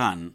run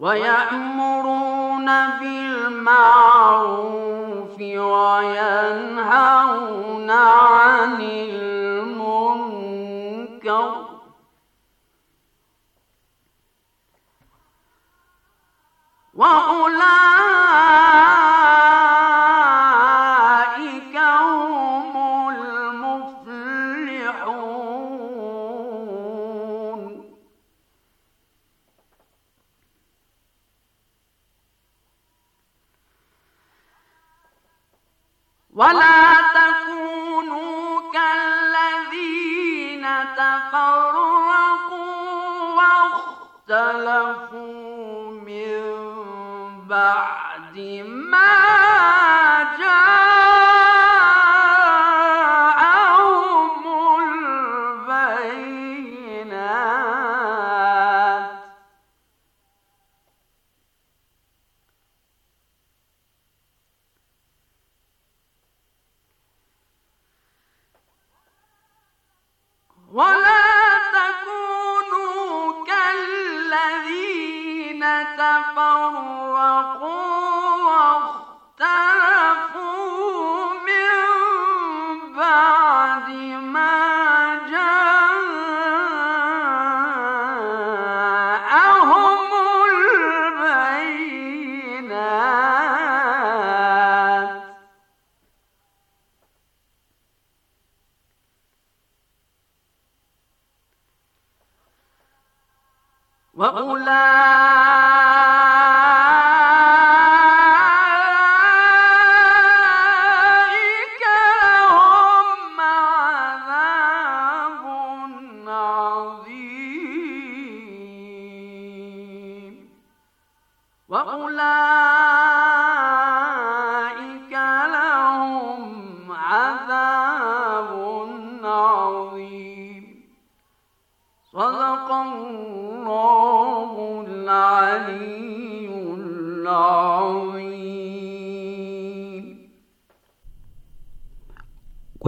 ويأمرون بالمعروف وينهون عن المنكر وأولئك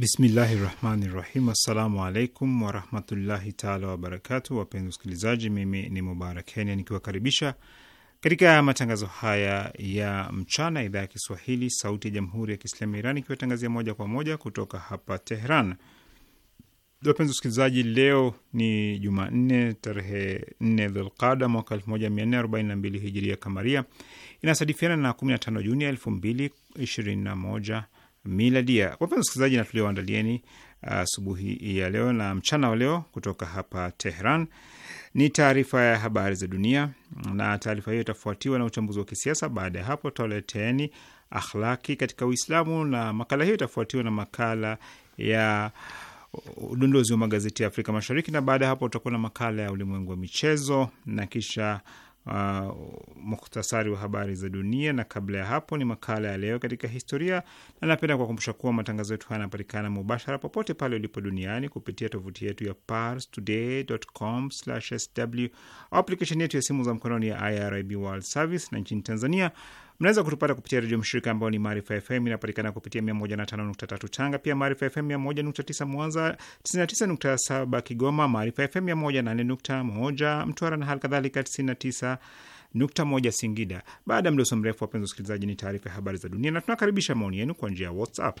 Bismillahi rahmani rahim. Assalamu alaikum warahmatullahi taala wabarakatu. Wapenzi wasikilizaji, mimi ni Mubarak Kenya nikiwakaribisha katika matangazo haya ya mchana, idhaa ya Kiswahili sauti ya jamhuri ya Kiislamu ya Iran ikiwatangazia moja kwa moja kutoka hapa Tehran. Wapenzi wasikilizaji, leo ni Jumanne tarehe 4 Dhulqada mwaka mbili hijiria kamaria, inasadifiana na 15 Juni moja miladia. Wapenzi wasikilizaji, na tulioandalieni uh, asubuhi uh, ya leo na mchana wa leo kutoka hapa Tehran ni taarifa ya habari za dunia, na taarifa hiyo itafuatiwa na uchambuzi wa kisiasa. Baada ya hapo, tutawaleteni akhlaki katika Uislamu, na makala hiyo itafuatiwa na makala ya udondozi wa magazeti ya Afrika Mashariki, na baada ya hapo utakuwa na makala ya ulimwengu wa michezo na kisha uh, muhtasari wa habari za dunia, na kabla ya hapo ni makala ya leo katika historia, na napenda kuwakumbusha kuwa matangazo yetu haya yanapatikana mubashara popote pale ulipo duniani kupitia tovuti yetu ya parstoday.com/sw, application yetu ya simu za mkononi ya IRIB World Service, na nchini Tanzania Mnaweza kutupata kupitia redio mshirika ambayo ni Maarifa FM, inapatikana kupitia 105.3 Tanga, pia Maarifa FM 101.9 Mwanza, 99.7 Kigoma, Maarifa FM 108.1 Mtwara na hali kadhalika 99 nukta moja Singida. Baada ya mdoso mrefu, wapenzi wasikilizaji, ni taarifa ya habari za dunia, na tunakaribisha maoni yenu kwa njia ya WhatsApp.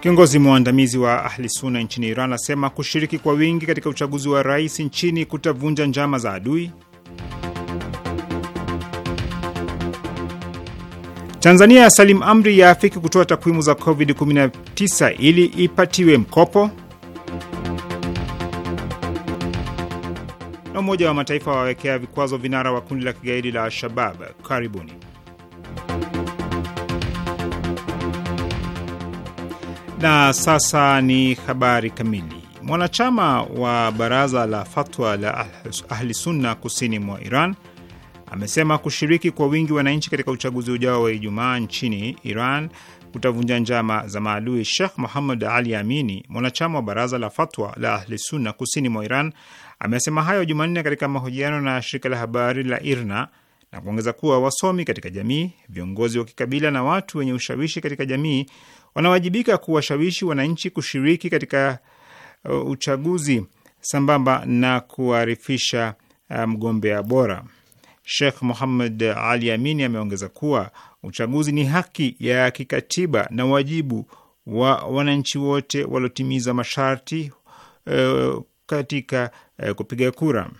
Kiongozi mwandamizi wa Ahli Sunna nchini Iran asema kushiriki kwa wingi katika uchaguzi wa rais nchini kutavunja njama za adui. Tanzania ya Salim Amri yaafiki kutoa takwimu za COVID-19 ili ipatiwe mkopo. Na Umoja wa Mataifa wawekea vikwazo vinara wa kundi la kigaidi la Al-Shabab. Karibuni. Na sasa ni habari kamili. Mwanachama wa baraza la fatwa la Ahlisunna kusini mwa Iran amesema kushiriki kwa wingi wananchi katika uchaguzi ujao wa Ijumaa nchini Iran kutavunja njama za maadui. shekh Muhammad Ali Amini, mwanachama wa baraza la fatwa la Ahlisunna kusini mwa Iran, amesema hayo Jumanne katika mahojiano na shirika la habari la IRNA na kuongeza kuwa wasomi katika jamii, viongozi wa kikabila na watu wenye ushawishi katika jamii wanawajibika kuwashawishi wananchi kushiriki katika uh, uchaguzi sambamba na kuarifisha uh, mgombea bora. Sheikh Muhammad Ali Amini ameongeza kuwa uchaguzi ni haki ya kikatiba na wajibu wa wananchi wote waliotimiza masharti uh, katika uh, kupiga kura.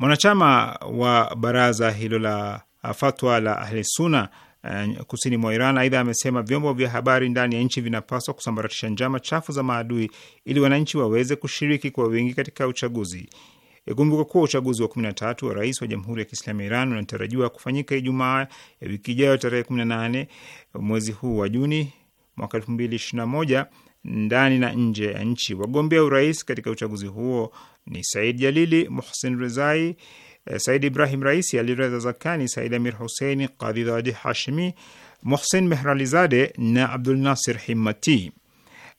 Mwanachama wa baraza hilo la uh, fatwa la ahlisuna uh, kusini mwa Iran aidha amesema vyombo vya habari ndani ya nchi vinapaswa kusambaratisha njama chafu za maadui ili wananchi waweze kushiriki kwa wingi katika uchaguzi. Ikumbuka kuwa uchaguzi wa 13 wa rais wa Jamhuri ya Kiislamu ya Iran unatarajiwa kufanyika Ijumaa ya wiki ijayo tarehe 18 mwezi huu wa Juni mwaka 2021 ndani na nje ya nchi. Wagombea urais katika uchaguzi huo ni Said Jalili, Muhsin Rezai, eh, Said Ibrahim Raisi, Alireza Zakani, Said Amir Huseini, Kadhidadi Hashimi, Muhsin Mehralizade na Abdul Nasir Himmati.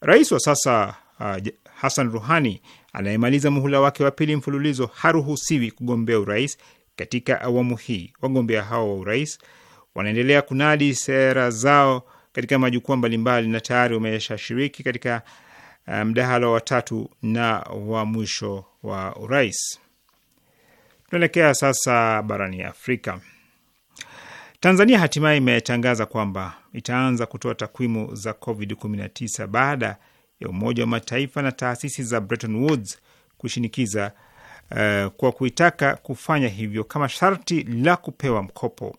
Rais wa sasa uh, ah, Hasan Ruhani anayemaliza muhula wake wa pili mfululizo haruhusiwi kugombea urais katika awamu hii. Wagombea hao wa urais wanaendelea kunadi sera zao katika majukwaa mbalimbali na tayari shiriki katika uh, mdahalo wa tatu na wa mwisho wa urais. Tunaelekea sasa barani Afrika. Tanzania hatimaye imetangaza kwamba itaanza kutoa takwimu za COVID-19 baada ya Umoja wa Mataifa na taasisi za Bretton Woods kushinikiza uh, kwa kuitaka kufanya hivyo kama sharti la kupewa mkopo.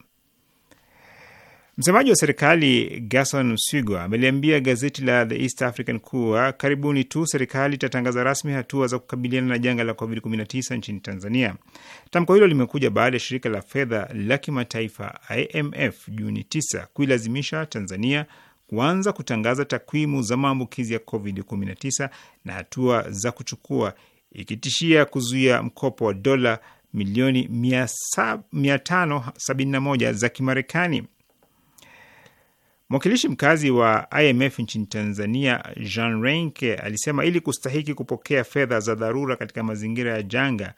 Msemaji wa serikali Gerson Msigwa ameliambia gazeti la The East African kuwa karibuni tu serikali itatangaza rasmi hatua za kukabiliana na janga la COVID-19 nchini Tanzania. Tamko hilo limekuja baada ya shirika la fedha la kimataifa IMF Juni 9 kuilazimisha Tanzania kuanza kutangaza takwimu za maambukizi ya COVID-19 na hatua za kuchukua, ikitishia kuzuia mkopo wa dola milioni 571 za Kimarekani. Mwakilishi mkazi wa IMF nchini Tanzania, Jean Renke, alisema ili kustahiki kupokea fedha za dharura katika mazingira ya janga,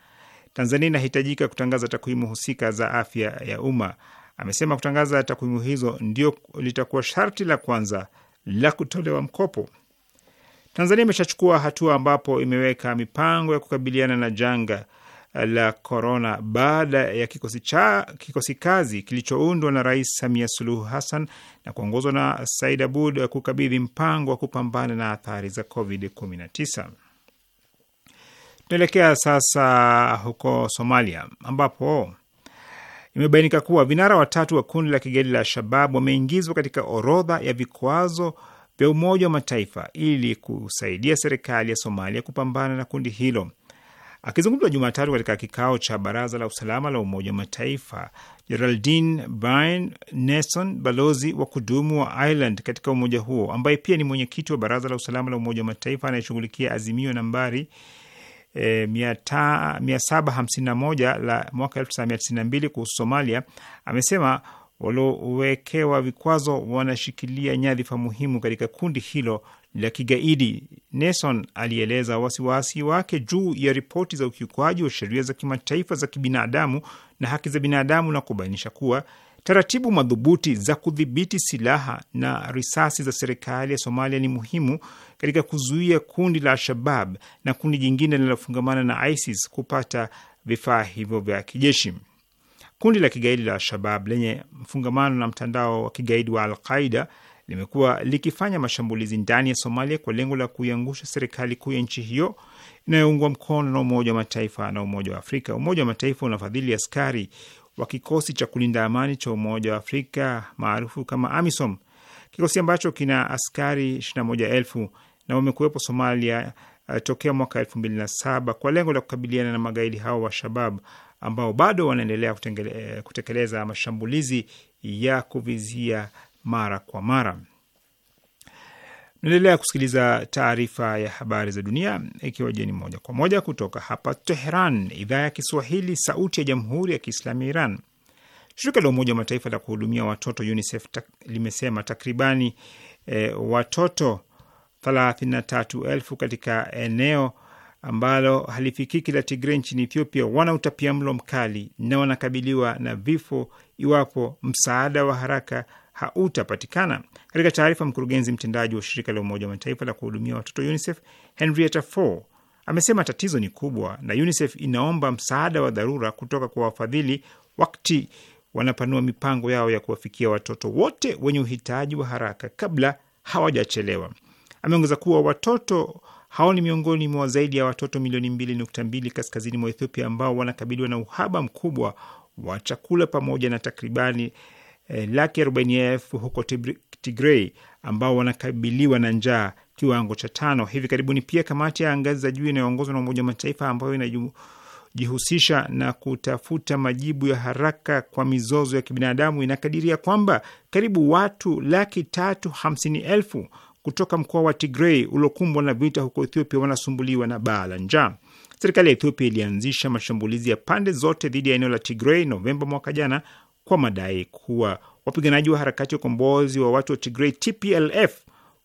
Tanzania inahitajika kutangaza takwimu husika za afya ya umma. Amesema kutangaza takwimu hizo ndio litakuwa sharti la kwanza la kutolewa mkopo. Tanzania imeshachukua hatua ambapo imeweka mipango ya kukabiliana na janga la korona baada ya kikosi, cha, kikosi kazi kilichoundwa na Rais Samia Suluhu Hassan na kuongozwa na Said Abud kukabidhi mpango wa kupambana na athari za COVID-19. Tunaelekea sasa huko Somalia ambapo imebainika kuwa vinara watatu wa kundi la kigaidi la shabab wameingizwa katika orodha ya vikwazo vya Umoja wa Mataifa ili kusaidia serikali ya Somalia kupambana na kundi hilo. Akizungumza Jumatatu katika kikao cha baraza la usalama la Umoja wa Mataifa, Geraldine Byrne Nelson, balozi wa kudumu wa Ireland katika umoja huo, ambaye pia ni mwenyekiti wa baraza la usalama la Umoja wa Mataifa anayeshughulikia azimio nambari E, eh, 751 la mwaka 1992 kuhusu Somalia amesema waliowekewa vikwazo wanashikilia nyadhifa muhimu katika kundi hilo la kigaidi. Nelson alieleza wasiwasi wake juu ya ripoti za ukiukwaji wa sheria za kimataifa za kibinadamu na haki za binadamu na kubainisha kuwa taratibu madhubuti za kudhibiti silaha na risasi za serikali ya Somalia ni muhimu katika kuzuia kundi la Al-Shabab na kundi jingine linalofungamana na ISIS kupata vifaa hivyo vya kijeshi. Kundi la kigaidi la Al-Shabab lenye mfungamano na mtandao wa kigaidi wa Al-Qaida limekuwa likifanya mashambulizi ndani ya Somalia kwa lengo la kuiangusha serikali kuu ya nchi hiyo inayoungwa mkono na Umoja wa Mataifa na Umoja wa Afrika. Umoja wa Mataifa unafadhili askari wa kikosi cha kulinda amani cha Umoja wa Afrika maarufu kama AMISOM, kikosi ambacho kina askari 21,000 na wamekuwepo Somalia uh, tokea mwaka 2007 kwa lengo la kukabiliana na magaidi hao wa Shabab ambao bado wanaendelea eh, kutekeleza mashambulizi ya kuvizia mara kwa mara. Naendelea kusikiliza taarifa ya habari za dunia ikiwa jeni moja kwa moja kutoka hapa Teheran, idhaa ya Kiswahili, sauti ya jamhuri ya kiislamu ya Iran. Shirika la Umoja wa Mataifa la kuhudumia watoto UNICEF tak, limesema takribani e, watoto 33,000 katika eneo ambalo halifikiki la Tigre nchini Ethiopia wana utapia mlo mkali na wanakabiliwa na vifo iwapo msaada wa haraka hautapatikana. Katika taarifa, mkurugenzi mtendaji wa shirika la Umoja wa Mataifa la kuhudumia watoto UNICEF Henrietta Fore amesema tatizo ni kubwa na UNICEF inaomba msaada wa dharura kutoka kwa wafadhili wakati wanapanua mipango yao ya kuwafikia watoto wote wenye uhitaji wa haraka kabla hawajachelewa. Ameongeza kuwa watoto hao ni miongoni mwa zaidi ya watoto milioni mbili nukta mbili kaskazini mwa Ethiopia ambao wanakabiliwa na uhaba mkubwa wa chakula pamoja na takribani Eh, laki arobaini elfu huko Tigrei ambao wanakabiliwa na njaa kiwango cha tano. Hivi karibuni pia kamati ya ngazi za juu inayoongozwa na Umoja wa Mataifa ambayo inajihusisha na kutafuta majibu ya haraka kwa mizozo ya kibinadamu inakadiria kwamba karibu watu laki tatu hamsini elfu kutoka mkoa wa Tigrei uliokumbwa na vita huko Ethiopia wanasumbuliwa na baa la njaa. Serikali ya Ethiopia ilianzisha mashambulizi ya pande zote dhidi ya eneo la Tigrei Novemba mwaka jana kwa madai kuwa wapiganaji wa harakati ya ukombozi wa watu wa tigrei TPLF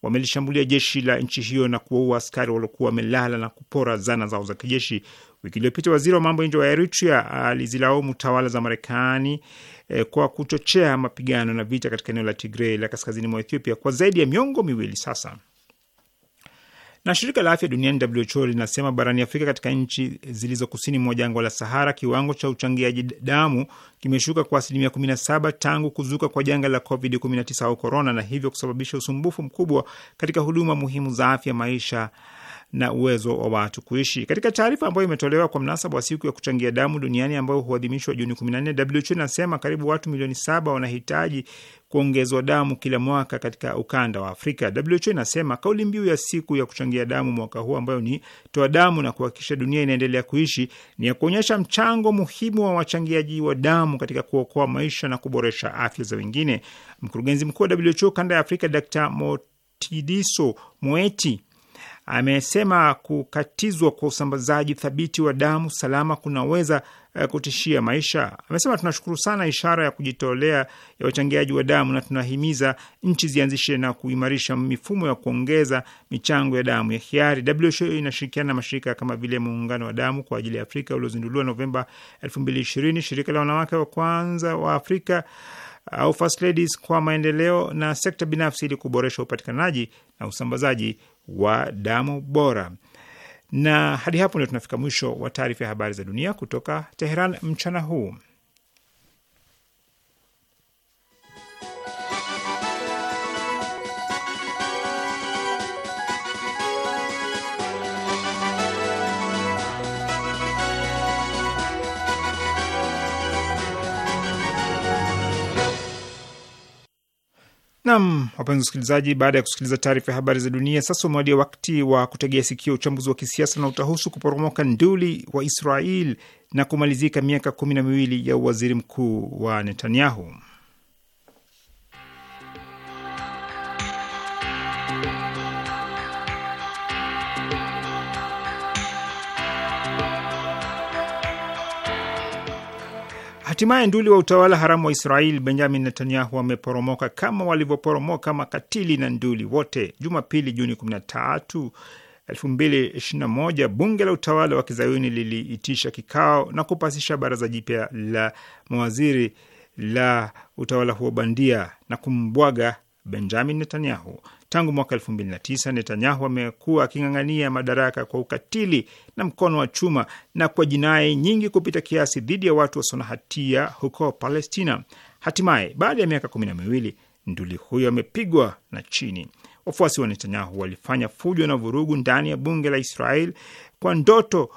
wamelishambulia jeshi la nchi hiyo na kuwaua askari waliokuwa wamelala na kupora zana zao za kijeshi. Wiki iliyopita waziri wa mambo ya nje wa Eritrea alizilaumu tawala za Marekani eh, kwa kuchochea mapigano na vita katika eneo la tigrei la kaskazini mwa Ethiopia kwa zaidi ya miongo miwili sasa. Na shirika la afya duniani WHO linasema barani Afrika, katika nchi zilizo kusini mwa jangwa la Sahara, kiwango cha uchangiaji damu kimeshuka kwa asilimia 17 tangu kuzuka kwa janga la COVID-19 au korona, na hivyo kusababisha usumbufu mkubwa katika huduma muhimu za afya, maisha na uwezo wa watu kuishi. Katika taarifa ambayo imetolewa kwa mnasaba wa siku ya kuchangia damu duniani ambayo huadhimishwa Juni 14, WHO inasema karibu watu milioni saba wanahitaji kuongezwa damu kila mwaka katika ukanda wa Afrika. WHO inasema kauli mbiu ya siku ya kuchangia damu mwaka huu ambayo ni toa damu na kuhakikisha dunia inaendelea kuishi ni ya kuonyesha mchango muhimu wa wachangiaji wa damu katika kuokoa maisha na kuboresha afya za wengine. Mkurugenzi mkuu wa WHO kanda ya Afrika Dr. Motidiso Moeti amesema kukatizwa kwa usambazaji thabiti wa damu salama kunaweza eh, kutishia maisha. Amesema tunashukuru sana ishara ya kujitolea ya wachangiaji wa damu na tunahimiza nchi zianzishe na kuimarisha mifumo ya kuongeza michango ya damu ya hiari. WHO inashirikiana na mashirika kama vile muungano wa damu kwa ajili ya Afrika uliozinduliwa Novemba 2020, shirika la wanawake wa kwanza wa Afrika au First Ladies kwa maendeleo na sekta binafsi ili kuboresha upatikanaji na usambazaji wa damu bora. Na hadi hapo ndio tunafika mwisho wa taarifa ya habari za dunia kutoka Teheran mchana huu. Nam, wapenzi wasikilizaji, baada ya kusikiliza taarifa ya habari za dunia, sasa umewadia wakati wa kutegea sikio uchambuzi wa kisiasa na utahusu kuporomoka nduli wa Israel na kumalizika miaka kumi na miwili ya uwaziri mkuu wa Netanyahu. Hatimaye nduli wa utawala haramu wa Israel Benjamin Netanyahu wameporomoka kama walivyoporomoka makatili na nduli wote. Jumapili Juni 13, 2021 bunge la utawala wa kizayuni liliitisha kikao na kupasisha baraza jipya la mawaziri la utawala huo bandia na kumbwaga Benjamin Netanyahu. Tangu mwaka elfu mbili na tisa Netanyahu amekuwa aking'ang'ania madaraka kwa ukatili na mkono wa chuma na kwa jinai nyingi kupita kiasi dhidi ya watu wasio na hatia huko Palestina. Hatimaye, baada ya miaka kumi na miwili, nduli huyo amepigwa na chini. Wafuasi wa Netanyahu walifanya fujo na vurugu ndani ya bunge la Israel kwa ndoto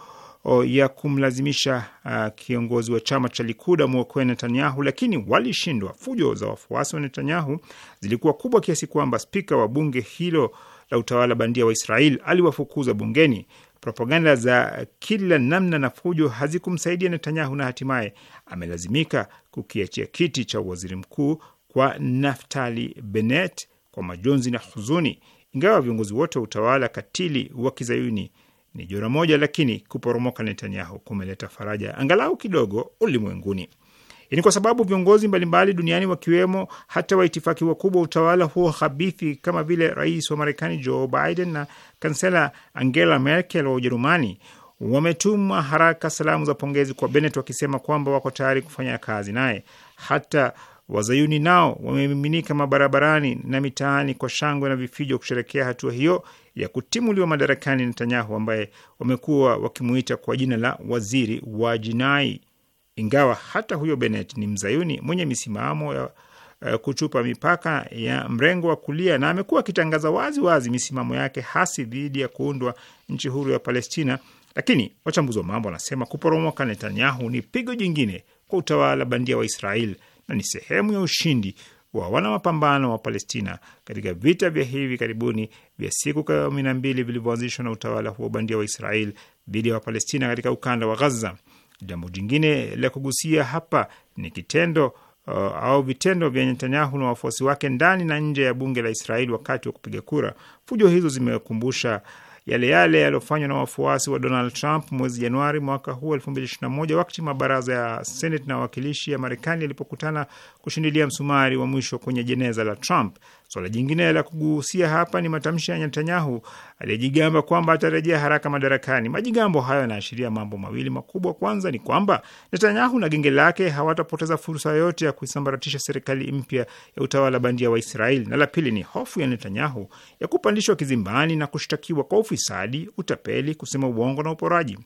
ya kumlazimisha uh, kiongozi wa chama cha Likud amwokoe Netanyahu, lakini walishindwa. Fujo za wafuasi wa Netanyahu zilikuwa kubwa kiasi kwamba spika wa bunge hilo la utawala bandia wa Israel aliwafukuza bungeni. Propaganda za kila namna na fujo hazikumsaidia Netanyahu na hatimaye amelazimika kukiachia kiti cha waziri mkuu kwa Naftali Bennett kwa majonzi na huzuni, ingawa viongozi wote wa utawala katili wa kizayuni ni jura moja, lakini kuporomoka Netanyahu kumeleta faraja angalau kidogo ulimwenguni. Ni kwa sababu viongozi mbalimbali duniani wakiwemo hata waitifaki wakubwa wa utawala huo habithi kama vile rais wa Marekani Joe Biden na kansela Angela Merkel wa Ujerumani wametuma haraka salamu za pongezi kwa Bennett wakisema kwamba wako tayari kufanya kazi naye. Hata wazayuni nao wamemiminika mabarabarani na mitaani kwa shangwe na vifijo kusherekea hatua hiyo ya kutimuliwa madarakani Netanyahu, ambaye wamekuwa wakimuita kwa jina la waziri wa jinai, ingawa hata huyo benet ni mzayuni mwenye misimamo ya eh, kuchupa mipaka ya mrengo wa kulia na amekuwa akitangaza wazi wazi misimamo yake hasi dhidi ya kuundwa nchi huru ya Palestina. Lakini wachambuzi wa mambo wanasema kuporomoka Netanyahu ni pigo jingine kwa utawala bandia wa Israel na ni sehemu ya ushindi wa wanamapambano wa Palestina katika vita vya hivi karibuni vya siku kumi na mbili vilivyoanzishwa na utawala huo bandia wa Israel dhidi ya Wapalestina katika ukanda wa Gaza. Jambo jingine la kugusia hapa ni kitendo uh, au vitendo vya Netanyahu na wafuasi wake ndani na nje ya bunge la Israel wakati wa kupiga kura. Fujo hizo zimekumbusha yale yale yaliyofanywa na wafuasi wa Donald Trump mwezi Januari mwaka huu 2021 wakati mabaraza ya Senate na wawakilishi ya Marekani yalipokutana kushindilia msumari wa mwisho kwenye jeneza la Trump. Suala jingine la kugusia hapa ni matamshi ya Netanyahu aliyejigamba kwamba atarejea haraka madarakani. Majigambo hayo yanaashiria mambo mawili makubwa. Kwanza ni kwamba Netanyahu na genge lake hawatapoteza fursa yoyote ya kuisambaratisha serikali mpya ya utawala bandia wa Israeli, na la pili ni hofu ya Netanyahu ya kupandishwa kizimbani na kushtakiwa kwa ufisadi, utapeli, kusema uongo na uporaji.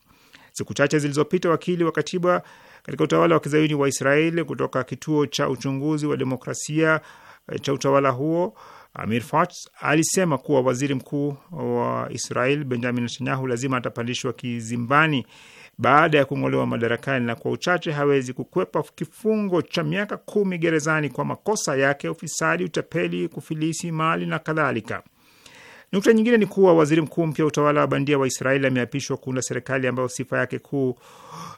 Siku chache zilizopita wakili wa katiba katika utawala wa kizayuni wa Israeli kutoka kituo cha uchunguzi wa demokrasia cha utawala huo Amir Fots alisema kuwa waziri mkuu wa Israel Benjamin Netanyahu lazima atapandishwa kizimbani baada ya kung'olewa madarakani na kwa uchache hawezi kukwepa kifungo cha miaka kumi gerezani kwa makosa yake: ufisadi, utapeli, kufilisi mali na kadhalika. Nukta nyingine ni kuwa waziri mkuu mpya utawala wa bandia wa Israeli ameapishwa kuunda serikali ambayo sifa yake kuu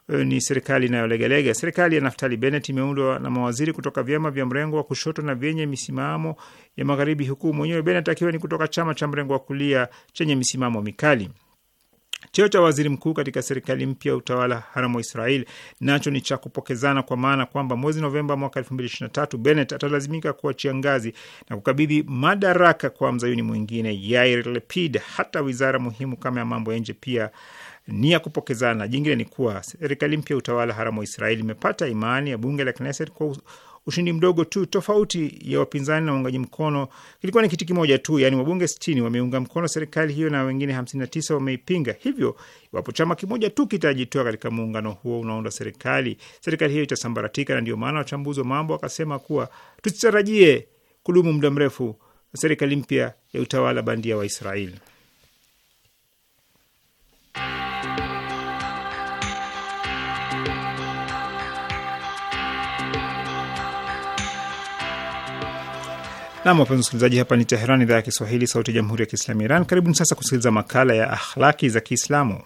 eh, ni serikali inayolegelege. Serikali ya Naftali Bennett imeundwa na mawaziri kutoka vyama vya mrengo wa kushoto na vyenye misimamo ya magharibi, huku mwenyewe Bennett akiwa ni kutoka chama cha mrengo wa kulia chenye misimamo mikali. Cheo cha waziri mkuu katika serikali mpya ya utawala haramu wa Israel nacho ni cha kupokezana, kwa maana kwamba mwezi Novemba mwaka tatu Bennett atalazimika kuachia ngazi na kukabidhi madaraka kwa mzayuni mwingine Yair Lapid. Hata wizara muhimu kama ya mambo ya nje pia ni ya kupokezana. Jingine ni kuwa serikali mpya ya utawala haramu wa Israeli imepata imani ya bunge la Knesset kwa ushindi mdogo tu. Tofauti ya wapinzani na waungaji mkono kilikuwa ni kiti kimoja tu, yaani wabunge 60 wameunga mkono serikali hiyo na wengine 59 wameipinga. Hivyo iwapo chama kimoja tu kitajitoa katika muungano huo unaounda serikali, serikali hiyo itasambaratika, na ndio maana wachambuzi wa mambo wakasema kuwa tusitarajie kudumu muda mrefu serikali mpya ya utawala bandia wa Israeli. Nam, wapenzi msikilizaji, hapa ni Teheran, idhaa ya Kiswahili, sauti ya jamhuri ya kiislamu Iran. Karibuni sasa kusikiliza makala ya akhlaki za Kiislamu.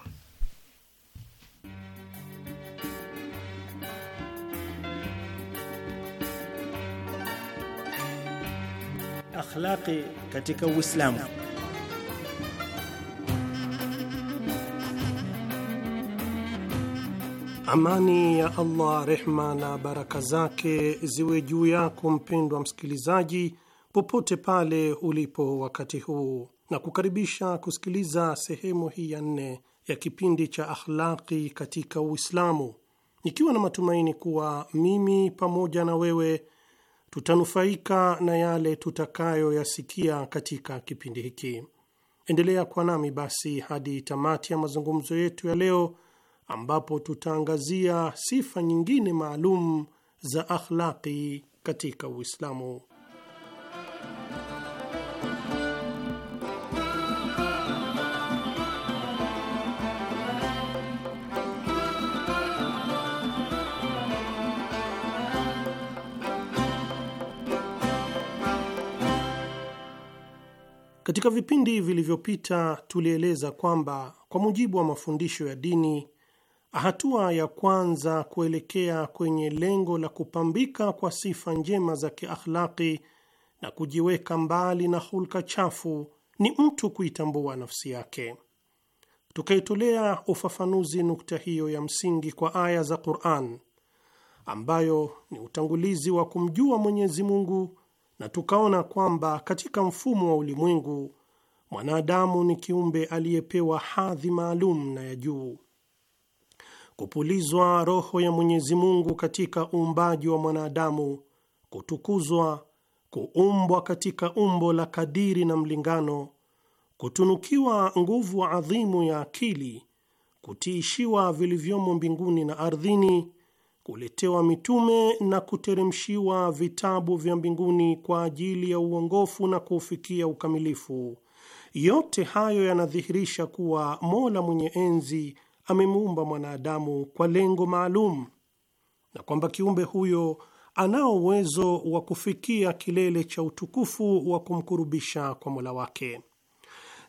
katika Uislamu. Amani ya Allah, rehma na baraka zake ziwe juu yako mpendwa msikilizaji popote pale ulipo wakati huu, na kukaribisha kusikiliza sehemu hii ya nne ya kipindi cha Akhlaqi katika Uislamu, nikiwa na matumaini kuwa mimi pamoja na wewe tutanufaika na yale tutakayoyasikia katika kipindi hiki. Endelea kuwa nami basi hadi tamati ya mazungumzo yetu ya leo, ambapo tutaangazia sifa nyingine maalum za akhlaqi katika Uislamu. Katika vipindi vilivyopita tulieleza kwamba kwa mujibu wa mafundisho ya dini, hatua ya kwanza kuelekea kwenye lengo la kupambika kwa sifa njema za kiakhlaki na kujiweka mbali na hulka chafu ni mtu kuitambua nafsi yake. Tukaitolea ufafanuzi nukta hiyo ya msingi kwa aya za Qur'an ambayo ni utangulizi wa kumjua Mwenyezi Mungu na tukaona kwamba katika mfumo wa ulimwengu mwanadamu ni kiumbe aliyepewa hadhi maalum na ya juu. Kupulizwa roho ya Mwenyezi Mungu katika uumbaji wa mwanadamu, kutukuzwa, kuumbwa katika umbo la kadiri na mlingano, kutunukiwa nguvu adhimu ya akili, kutiishiwa vilivyomo mbinguni na ardhini kuletewa mitume na kuteremshiwa vitabu vya mbinguni kwa ajili ya uongofu na kuufikia ukamilifu. Yote hayo yanadhihirisha kuwa Mola mwenye enzi amemuumba mwanadamu kwa lengo maalum na kwamba kiumbe huyo anao uwezo wa kufikia kilele cha utukufu wa kumkurubisha kwa Mola wake.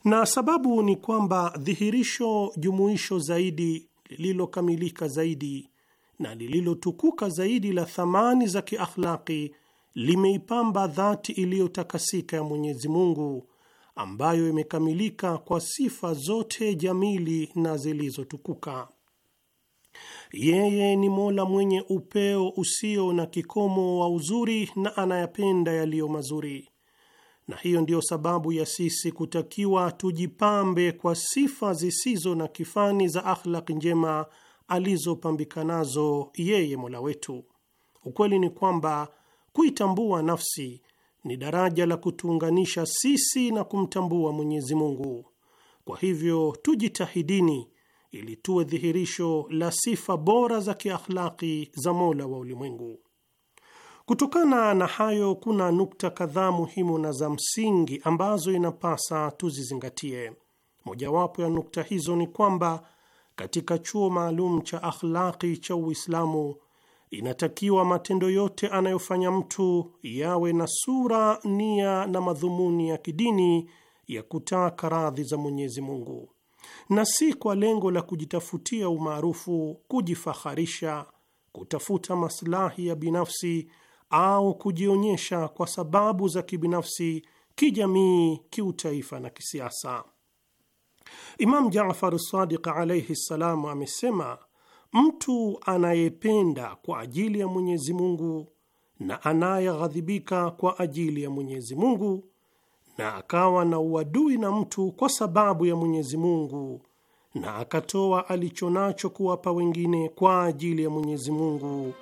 Na sababu ni kwamba dhihirisho jumuisho zaidi lililokamilika zaidi na lililotukuka zaidi la thamani za kiakhlaki limeipamba dhati iliyotakasika ya Mwenyezi Mungu ambayo imekamilika kwa sifa zote jamili na zilizotukuka. Yeye ni Mola mwenye upeo usio na kikomo wa uzuri na anayapenda yaliyo mazuri, na hiyo ndiyo sababu ya sisi kutakiwa tujipambe kwa sifa zisizo na kifani za akhlaki njema alizopambikanazo yeye Mola wetu. Ukweli ni kwamba kuitambua nafsi ni daraja la kutuunganisha sisi na kumtambua Mwenyezi Mungu. Kwa hivyo tujitahidini ili tuwe dhihirisho la sifa bora za kiakhlaki za Mola wa ulimwengu. Kutokana na hayo, kuna nukta kadhaa muhimu na za msingi ambazo inapasa tuzizingatie. Mojawapo ya nukta hizo ni kwamba katika chuo maalum cha akhlaqi cha Uislamu, inatakiwa matendo yote anayofanya mtu yawe na sura, nia na madhumuni ya kidini ya kutaka radhi za Mwenyezi Mungu, na si kwa lengo la kujitafutia umaarufu, kujifaharisha, kutafuta maslahi ya binafsi au kujionyesha kwa sababu za kibinafsi, kijamii, kiutaifa na kisiasa. Imam Jafar Sadiq alaihi ssalam amesema mtu anayependa kwa ajili ya Mwenyezi Mungu na anayeghadhibika kwa ajili ya Mwenyezi Mungu na akawa na uadui na mtu kwa sababu ya Mwenyezi Mungu na akatoa alicho nacho kuwapa wengine kwa ajili ya Mwenyezi Mungu,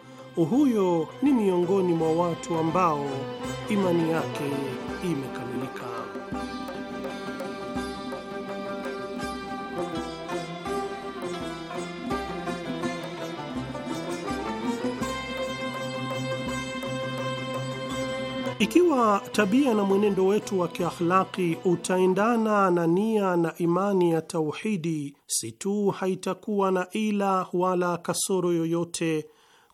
huyo ni miongoni mwa watu ambao imani yake imeka Ikiwa tabia na mwenendo wetu wa kiakhlaki utaendana na nia na imani ya tauhidi, si tu haitakuwa na ila wala kasoro yoyote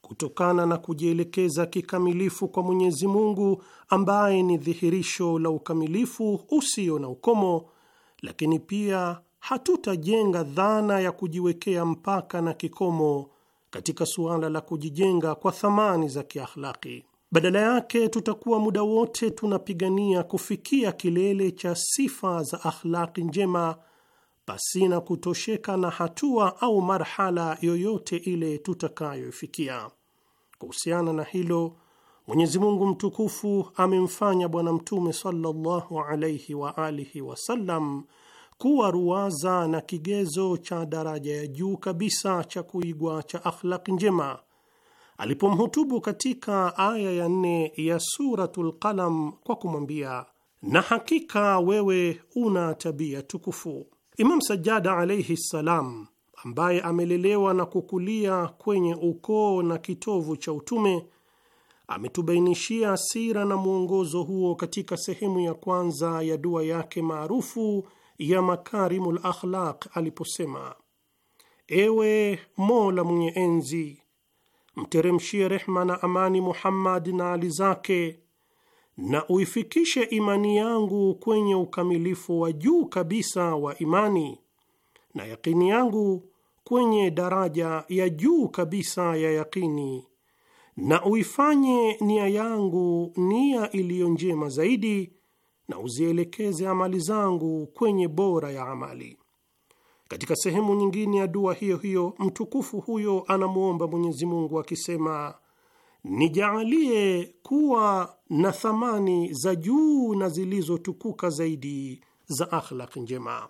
kutokana na kujielekeza kikamilifu kwa Mwenyezi Mungu ambaye ni dhihirisho la ukamilifu usio na ukomo, lakini pia hatutajenga dhana ya kujiwekea mpaka na kikomo katika suala la kujijenga kwa thamani za kiakhlaki. Badala yake tutakuwa muda wote tunapigania kufikia kilele cha sifa za akhlaki njema pasina kutosheka na hatua au marhala yoyote ile tutakayoifikia. Kuhusiana na hilo, Mwenyezi Mungu mtukufu amemfanya Bwana Mtume sallallahu alaihi wa alihi wasallam kuwa ruwaza na kigezo cha daraja ya juu kabisa cha kuigwa cha akhlaki njema alipomhutubu katika aya ya nne ya Suratul Qalam kwa kumwambia, na hakika wewe una tabia tukufu. Imam Sajjada alaihi ssalam, ambaye amelelewa na kukulia kwenye ukoo na kitovu cha utume, ametubainishia sira na mwongozo huo katika sehemu ya kwanza ya dua yake maarufu ya Makarimul Akhlaq aliposema: ewe Mola mwenye enzi mteremshie rehma na amani Muhammad na ali zake, na uifikishe imani yangu kwenye ukamilifu wa juu kabisa wa imani na yakini yangu kwenye daraja ya juu kabisa ya yakini, na uifanye nia yangu nia iliyo njema zaidi, na uzielekeze amali zangu kwenye bora ya amali. Katika sehemu nyingine ya dua hiyo hiyo mtukufu huyo anamwomba Mwenyezi Mungu akisema, nijaalie kuwa na thamani za juu na zilizotukuka zaidi za akhlaki njema.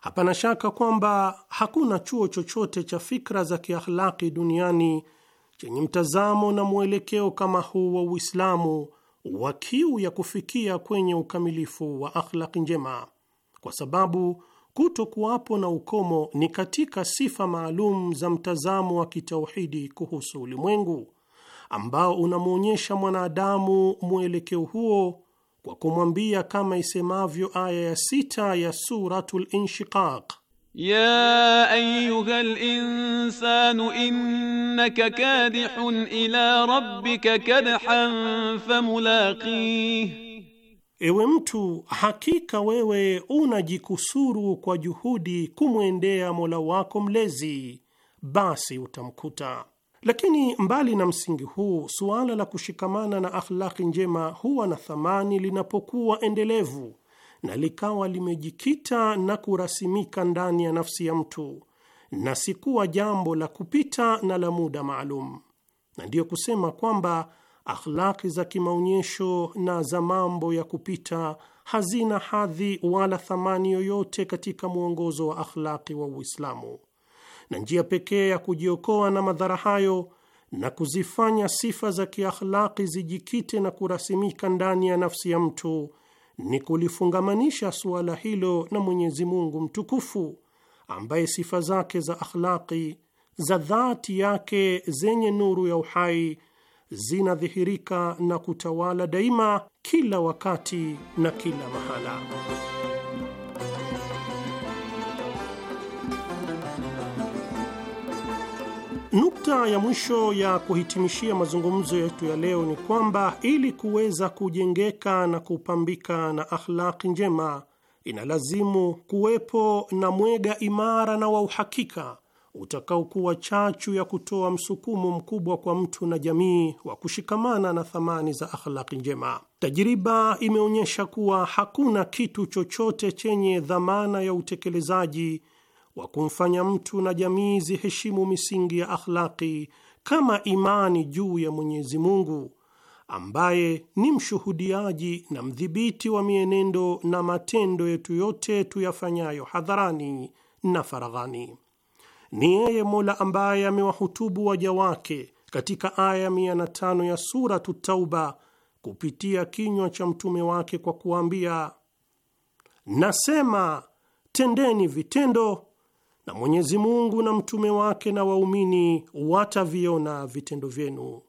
Hapana shaka kwamba hakuna chuo chochote cha fikra za kiakhlaqi duniani chenye mtazamo na mwelekeo kama huu wa Uislamu wa kiu ya kufikia kwenye ukamilifu wa akhlaqi njema, kwa sababu kuto kuwapo na ukomo ni katika sifa maalum za mtazamo wa kitauhidi kuhusu ulimwengu ambao unamwonyesha mwanadamu mwelekeo huo kwa kumwambia kama isemavyo aya ya sita ya Suratul Inshiqaq, ya ayuha linsanu innaka kadihun ila rabbika kadhan famulaqih Ewe mtu, hakika wewe unajikusuru kwa juhudi kumwendea Mola wako mlezi, basi utamkuta. Lakini mbali na msingi huu, suala la kushikamana na akhlaki njema huwa na thamani linapokuwa endelevu na likawa limejikita na kurasimika ndani ya nafsi ya mtu na sikuwa jambo la kupita na la muda maalum, na ndiyo kusema kwamba akhlaqi za kimaonyesho na za mambo ya kupita hazina hadhi wala thamani yoyote katika mwongozo wa akhlaqi wa Uislamu, na njia pekee ya kujiokoa na madhara hayo na kuzifanya sifa za kiakhlaqi zijikite na kurasimika ndani ya nafsi ya mtu ni kulifungamanisha suala hilo na Mwenyezi Mungu mtukufu ambaye sifa zake za akhlaqi za dhati yake zenye nuru ya uhai zinadhihirika na kutawala daima kila wakati na kila mahala. Nukta ya mwisho ya kuhitimishia mazungumzo yetu ya leo ni kwamba ili kuweza kujengeka na kupambika na akhlaki njema inalazimu kuwepo na mwega imara na wa uhakika utakaokuwa chachu ya kutoa msukumo mkubwa kwa mtu na jamii wa kushikamana na thamani za akhlaki njema. Tajiriba imeonyesha kuwa hakuna kitu chochote chenye dhamana ya utekelezaji wa kumfanya mtu na jamii ziheshimu misingi ya akhlaki kama imani juu ya Mwenyezi Mungu ambaye ni mshuhudiaji na mdhibiti wa mienendo na matendo yetu yote tuyafanyayo hadharani na faraghani. Ni yeye Mola ambaye amewahutubu waja wake katika aya 105 ya Suratu Tauba kupitia kinywa cha mtume wake kwa kuambia, nasema tendeni vitendo, na Mwenyezi Mungu na mtume wake na waumini wataviona vitendo vyenu,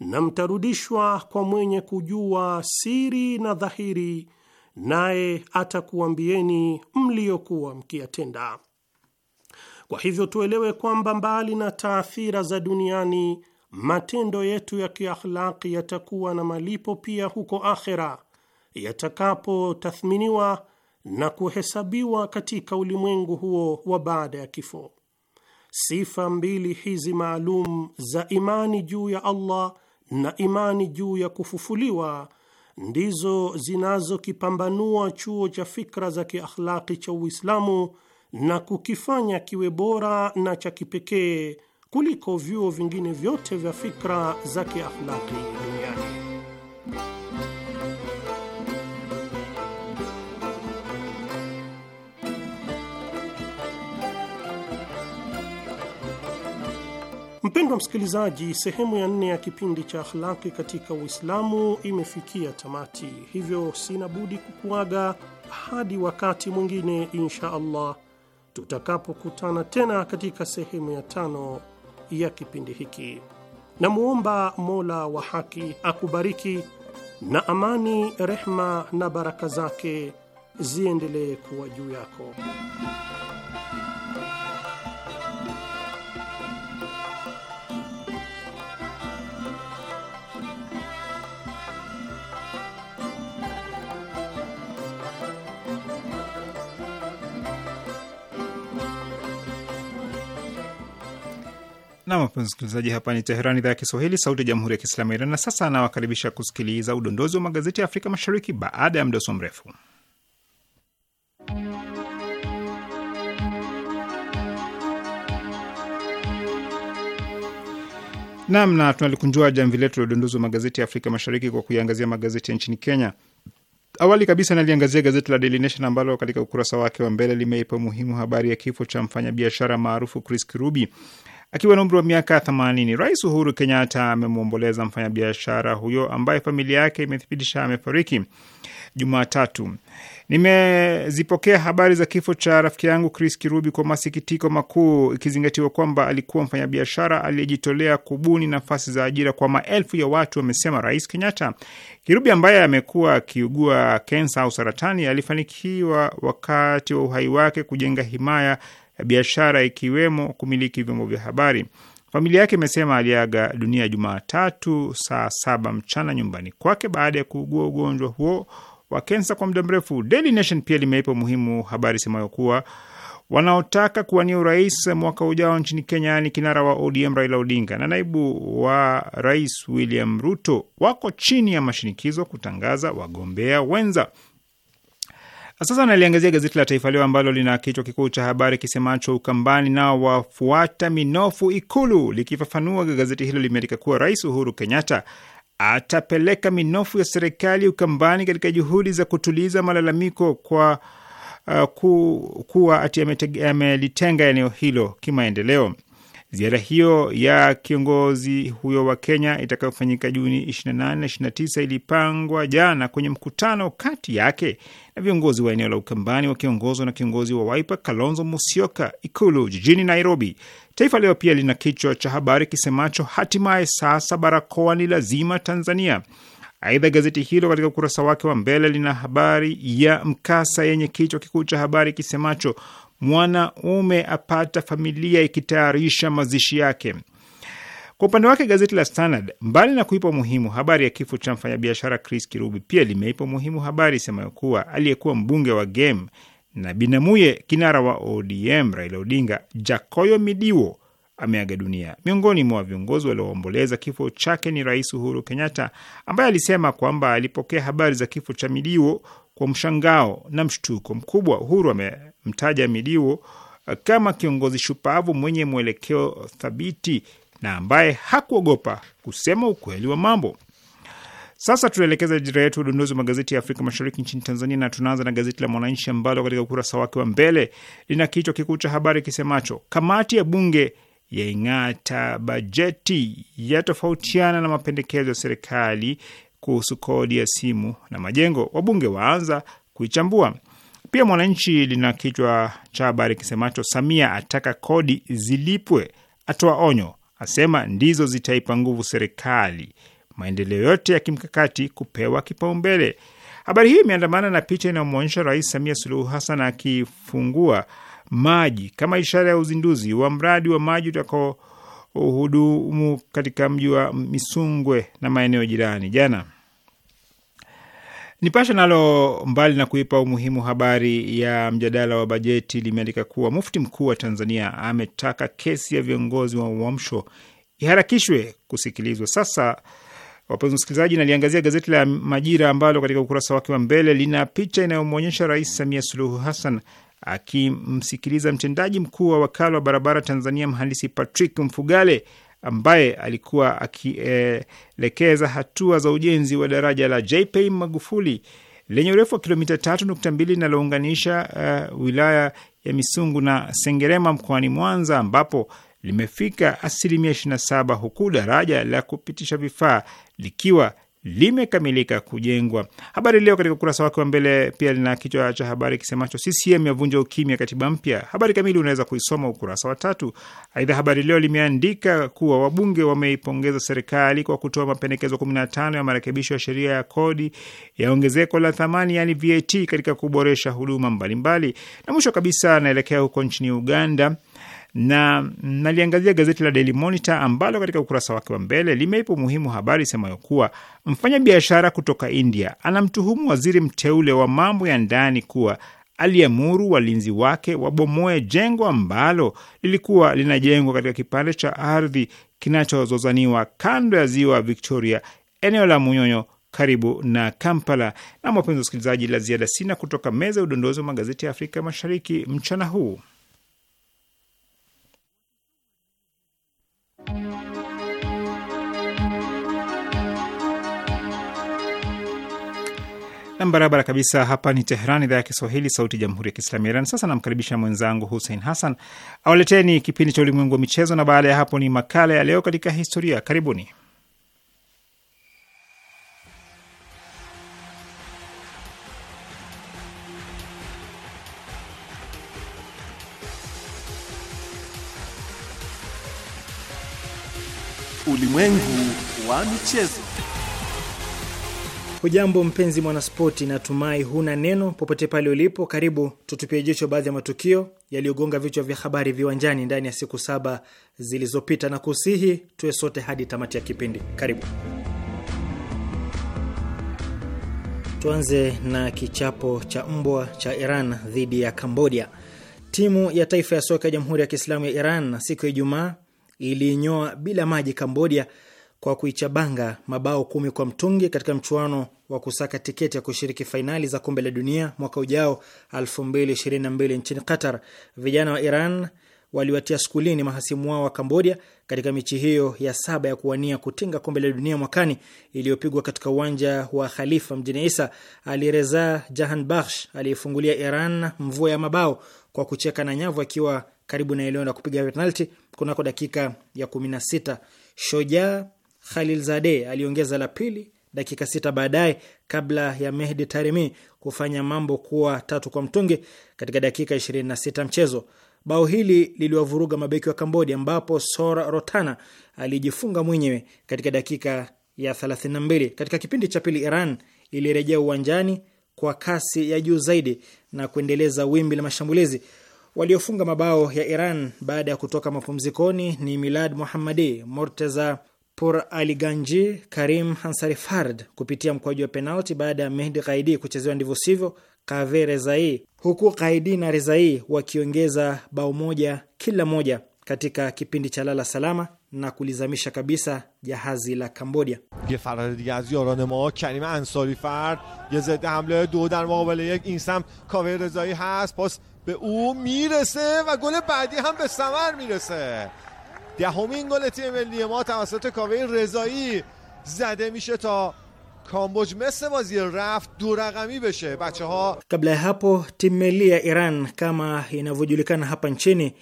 na mtarudishwa kwa mwenye kujua siri na dhahiri, naye atakuambieni mliokuwa mkiyatenda. Kwa hivyo tuelewe kwamba mbali na taathira za duniani, matendo yetu ya kiakhlaki yatakuwa na malipo pia huko akhera, yatakapotathminiwa na kuhesabiwa katika ulimwengu huo wa baada ya kifo. Sifa mbili hizi maalum za imani juu ya Allah na imani juu ya kufufuliwa ndizo zinazokipambanua chuo cha fikra za kiakhlaki cha Uislamu na kukifanya kiwe bora na cha kipekee kuliko vyuo vingine vyote vya fikra za kiakhlaki duniani. Mpendwa msikilizaji, sehemu ya nne ya kipindi cha akhlaki katika Uislamu imefikia tamati, hivyo sina budi kukuaga hadi wakati mwingine insha Allah tutakapokutana tena katika sehemu ya tano ya kipindi hiki. Namwomba Mola wa haki akubariki, na amani, rehma na baraka zake ziendelee kuwa juu yako. Na wapenzi msikilizaji, hapa ni Teherani, idhaa ya Kiswahili, sauti ya jamhuri ya kiislamu ya Iran. Na sasa anawakaribisha kusikiliza udondozi wa magazeti ya Afrika Mashariki baada ya mdoso mrefu. Nam, na tunalikunjua jamvi letu la udondozi wa magazeti ya Afrika Mashariki kwa kuiangazia magazeti ya nchini Kenya. Awali kabisa naliangazia gazeti la Daily Nation ambalo katika ukurasa wake wa mbele limeipa umuhimu habari ya kifo cha mfanyabiashara maarufu Chris Kirubi Akiwa na umri wa miaka 80, Rais Uhuru Kenyatta amemwomboleza mfanyabiashara huyo ambaye familia yake imethibitisha amefariki Jumatatu. Nimezipokea habari za kifo cha rafiki yangu Chris Kirubi kwa masikitiko makuu, ikizingatiwa kwamba alikuwa mfanyabiashara aliyejitolea kubuni nafasi za ajira kwa maelfu ya watu, amesema Rais Kenyatta. Kirubi ambaye amekuwa akiugua kensa au saratani, alifanikiwa wakati wa uhai wake kujenga himaya ya biashara ikiwemo kumiliki vyombo vya habari. Familia yake imesema aliaga dunia Jumatatu saa saba mchana nyumbani kwake baada ya kuugua ugonjwa huo wa kensa kwa muda mrefu. Daily Nation pia limeipa umuhimu habari semayo kuwa wanaotaka kuwania urais mwaka ujao nchini Kenya, yaani kinara wa ODM Raila Odinga na naibu wa rais William Ruto wako chini ya mashinikizo kutangaza wagombea wenza. Sasa naliangazia gazeti la Taifa Leo ambalo lina kichwa kikuu cha habari kisemacho Ukambani nao wafuata minofu Ikulu. Likifafanua, gazeti hilo limeandika kuwa Rais Uhuru Kenyatta atapeleka minofu ya serikali Ukambani katika juhudi za kutuliza malalamiko kwa uh, ku, kuwa ati amelitenga eneo hilo kimaendeleo. Ziara hiyo ya kiongozi huyo wa Kenya itakayofanyika Juni 28 na 29 ilipangwa jana kwenye mkutano kati yake na viongozi wa eneo la Ukambani wakiongozwa na kiongozi wa Wiper Kalonzo Musyoka Ikulu jijini Nairobi. Taifa Leo pia lina kichwa cha habari kisemacho hatimaye sasa barakoa ni lazima Tanzania. Aidha, gazeti hilo katika ukurasa wake wa mbele lina habari ya mkasa yenye kichwa kikuu cha habari kisemacho mwanaume apata familia ikitayarisha mazishi yake. Kwa upande wake gazeti la Standard, mbali na kuipa umuhimu habari ya kifo cha mfanyabiashara Chris Kirubi, pia limeipa umuhimu habari semayo kuwa aliyekuwa mbunge wa Game na binamuye kinara wa ODM Raila Odinga, Jakoyo Midiwo ameaga dunia. Miongoni mwa viongozi walioomboleza kifo chake ni Rais Uhuru Kenyatta ambaye alisema kwamba alipokea habari za kifo cha Midiwo kwa mshangao na mshtuko mkubwa. Uhuru amemtaja Midiwo eh, kama kiongozi shupavu mwenye mwelekeo thabiti na ambaye hakuogopa kusema ukweli wa mambo. Sasa tunaelekeza jira yetu udunduzi wa magazeti ya Afrika Mashariki nchini Tanzania, na tunaanza na gazeti la Mwananchi ambalo katika ukurasa wake wa mbele lina kichwa kikuu cha habari kisemacho kamati ya bunge yaing'ata bajeti yatofautiana na mapendekezo ya serikali kuhusu kodi ya simu na majengo, wabunge waanza kuichambua. Pia Mwananchi lina kichwa cha habari kisemacho Samia ataka kodi zilipwe, atoa onyo asema ndizo zitaipa nguvu serikali, maendeleo yote ya kimkakati kupewa kipaumbele. Habari hii imeandamana na picha inayomwonyesha Rais Samia Suluhu Hassan akifungua maji kama ishara ya uzinduzi wa mradi wa maji utakao uhudumu katika mji wa Misungwe na maeneo jirani. Jana Nipashe nalo mbali na kuipa umuhimu habari ya mjadala wa bajeti limeandika kuwa mufti mkuu wa Tanzania ametaka kesi ya viongozi wa Uamsho iharakishwe kusikilizwa sasa. Wapenzi msikilizaji, naliangazia gazeti la Majira ambalo katika ukurasa wake wa mbele lina picha inayomwonyesha Rais Samia Suluhu Hassan akimsikiliza mtendaji mkuu wa wakala wa barabara Tanzania, mhandisi Patrick Mfugale ambaye alikuwa akielekeza hatua za ujenzi wa daraja la jp Magufuli lenye urefu wa kilomita 3.2 linalounganisha uh, wilaya ya Misungu na Sengerema mkoani Mwanza ambapo limefika asilimia 27 huku daraja la kupitisha vifaa likiwa limekamilika kujengwa. Habari Leo katika ukurasa wake wa mbele pia lina kichwa cha habari kisemacho CCM yavunja ukimya katiba mpya. Habari kamili unaweza kuisoma ukurasa wa tatu. Aidha, Habari Leo limeandika kuwa wabunge wameipongeza serikali kwa kutoa mapendekezo 15 ya marekebisho ya sheria ya kodi ya ongezeko la thamani, yani VAT, katika kuboresha huduma mbalimbali. Na mwisho kabisa anaelekea huko nchini Uganda na naliangazia gazeti la Daily Monitor ambalo katika ukurasa wake wa mbele limeipa umuhimu habari semayo kuwa mfanyabiashara kutoka India anamtuhumu waziri mteule wa mambo ya ndani kuwa aliamuru walinzi wake wabomoe jengo ambalo lilikuwa linajengwa katika kipande cha ardhi kinachozozaniwa kando ya ziwa Victoria, eneo la Munyonyo karibu na Kampala. Na wapenzi usikilizaji la ziada sina kutoka meza ya udondozi wa magazeti ya Afrika Mashariki mchana huu. Nam, barabara kabisa. Hapa ni Teheran, idhaa ya Kiswahili, sauti ya jamhuri ya kiislamu ya Iran. Sasa namkaribisha mwenzangu Hussein Hassan awaleteni kipindi cha ulimwengu wa michezo, na baada ya hapo ni makala ya leo katika historia. Karibuni. Ulimwengu wa michezo. Hujambo mpenzi mwanaspoti, natumai huna neno popote pale ulipo. Karibu tutupie jicho baadhi ya matukio yaliyogonga vichwa vya habari viwanjani ndani ya siku saba zilizopita, na kusihi tuwe sote hadi tamati ya kipindi. Karibu. Tuanze na kichapo cha mbwa cha Iran dhidi ya Kambodia. Timu ya taifa ya soka ya Jamhuri ya Kiislamu ya Iran siku ya Ijumaa iliinyoa bila maji Kambodia kwa kuichabanga mabao kumi kwa mtungi katika mchuano wa kusaka tiketi ya kushiriki fainali za kombe la dunia mwaka ujao 2022 nchini Qatar. Vijana wa Iran waliwatia skulini mahasimu wao wa Kambodia katika michi hiyo ya saba ya kuwania kutinga kombe la dunia mwakani iliyopigwa katika uwanja wa Khalifa mjini Isa. Alireza Jahan Bakhsh aliyefungulia Iran mvua ya mabao kwa kucheka na nyavu akiwa karibu na eneo la kupiga penalti kunako dakika ya 16. Shojaa khalilzade aliongeza la pili dakika sita baadaye kabla ya Mehdi Taremi kufanya mambo kuwa tatu kwa mtungi katika dakika 26 mchezo. Bao hili liliwavuruga mabeki wa Kambodia, ambapo Sora Rotana alijifunga mwenyewe katika dakika ya 32. Katika kipindi cha pili, Iran ilirejea uwanjani kwa kasi ya juu zaidi na kuendeleza wimbi la mashambulizi. Waliofunga mabao ya Iran baada ya kutoka mapumzikoni ni Milad muhamadi Morteza Por Ali Ganji, Karim Hansari Fard kupitia mkwaju wa penalti baada ya Mehdi Ghaidi kuchezewa ndivyo sivyo قاوه رزایی حقوق قایدین رزایی و که انگیزه با اون موژه کل موژه کتیکه که پیدی چلال سلامه نکولی زمیشه که بیسه یه هزی یه فراده دیگه از یاران ما کریم انسالی فرد یه زده حمله دو در مقابل یک این سم قاوه رزایی هست پاس به او میرسه و گل بعدی هم به سمر میرسه دیه همین گل ملی ما توسط قاوه رضایی زده میشه تا کامبوج مثل بازی رفت دو رقمی بشه بچه ها kabla ya hapo timu meli ya Iran kama inavyojulikana hapa nchini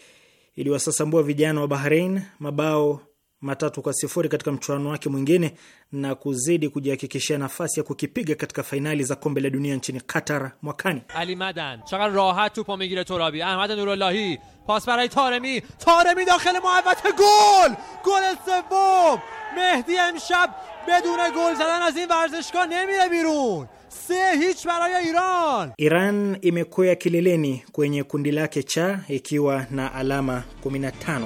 iliwasasambua vijana wa Bahrain mabao matatu kwa sifuri katika mchuano wake mwingine na kuzidi kujihakikishia nafasi ya kukipiga katika fainali za kombe la dunia nchini Qatar mwakani. Ali Madan چقدر rahat توپو میگیره torabi Ahmad Nurullahi pas baraye Taremi Taremi dakhil محوطه gol gol sevom مهدی امشب بدون گل زدن از این ورزشگاه نمیره بیرون سه هیچ برای Iran. Iran imekuwa kileleni kwenye kundi lake cha ikiwa na alama 15.